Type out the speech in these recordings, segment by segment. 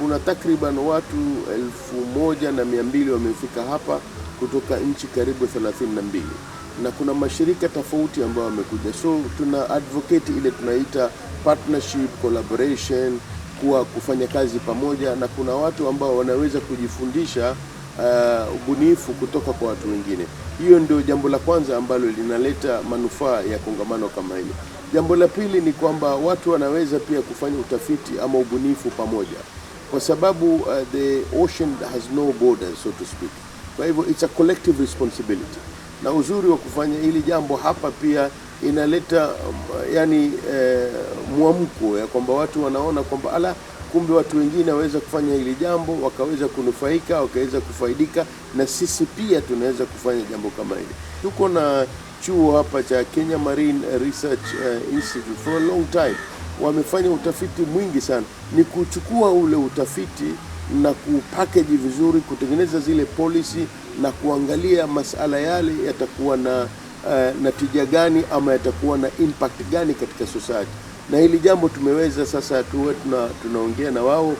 kuna takriban watu elfu moja na mia mbili wamefika hapa kutoka nchi karibu thelathini na kuna mashirika tofauti ambayo wamekuja, so tuna advocate ile tunaita partnership collaboration, kuwa kufanya kazi pamoja, na kuna watu ambao wanaweza kujifundisha uh, ubunifu kutoka kwa watu wengine. Hiyo ndio jambo la kwanza ambalo linaleta manufaa ya kongamano kama hili. Jambo la pili ni kwamba watu wanaweza pia kufanya utafiti ama ubunifu pamoja kwa sababu uh, the ocean has no borders so to speak. Kwa hivyo it's a collective responsibility, na uzuri wa kufanya hili jambo hapa pia inaleta um, yani eh, mwamko ya kwamba watu wanaona kwamba ala, kumbe watu wengine waweza kufanya hili jambo wakaweza kunufaika wakaweza kufaidika, na sisi pia tunaweza kufanya jambo kama hili. Tuko na chuo hapa cha Kenya Marine Research uh, Institute for a long time wamefanya utafiti mwingi sana, ni kuchukua ule utafiti na kupackage vizuri, kutengeneza zile policy na kuangalia masala yale yatakuwa na uh, eh, na tija gani ama yatakuwa na impact gani katika society. Na hili jambo tumeweza sasa tuwe tuna, tunaongea na wao.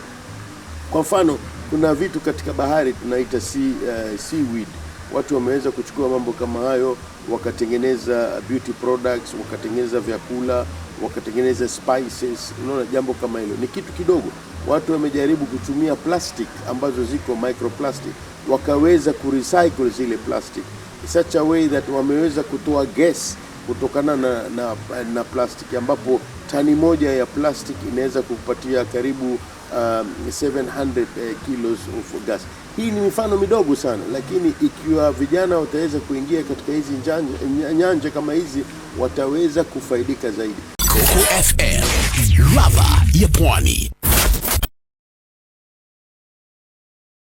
Kwa mfano kuna vitu katika bahari tunaita sea, uh, seaweed. Watu wameweza kuchukua mambo kama hayo wakatengeneza beauty products, wakatengeneza vyakula wakatengeneza spices, unaona jambo kama hilo ni kitu kidogo. Watu wamejaribu kutumia plastic ambazo ziko microplastic, wakaweza kurecycle zile plastic in such a way that wameweza kutoa gas kutokana na, na, na plastic, ambapo tani moja ya plastic inaweza kupatia karibu um, 700 eh, kilos of gas. Hii ni mifano midogo sana, lakini ikiwa vijana wataweza kuingia katika hizi nyanja kama hizi, wataweza kufaidika zaidi. FM, ladha ya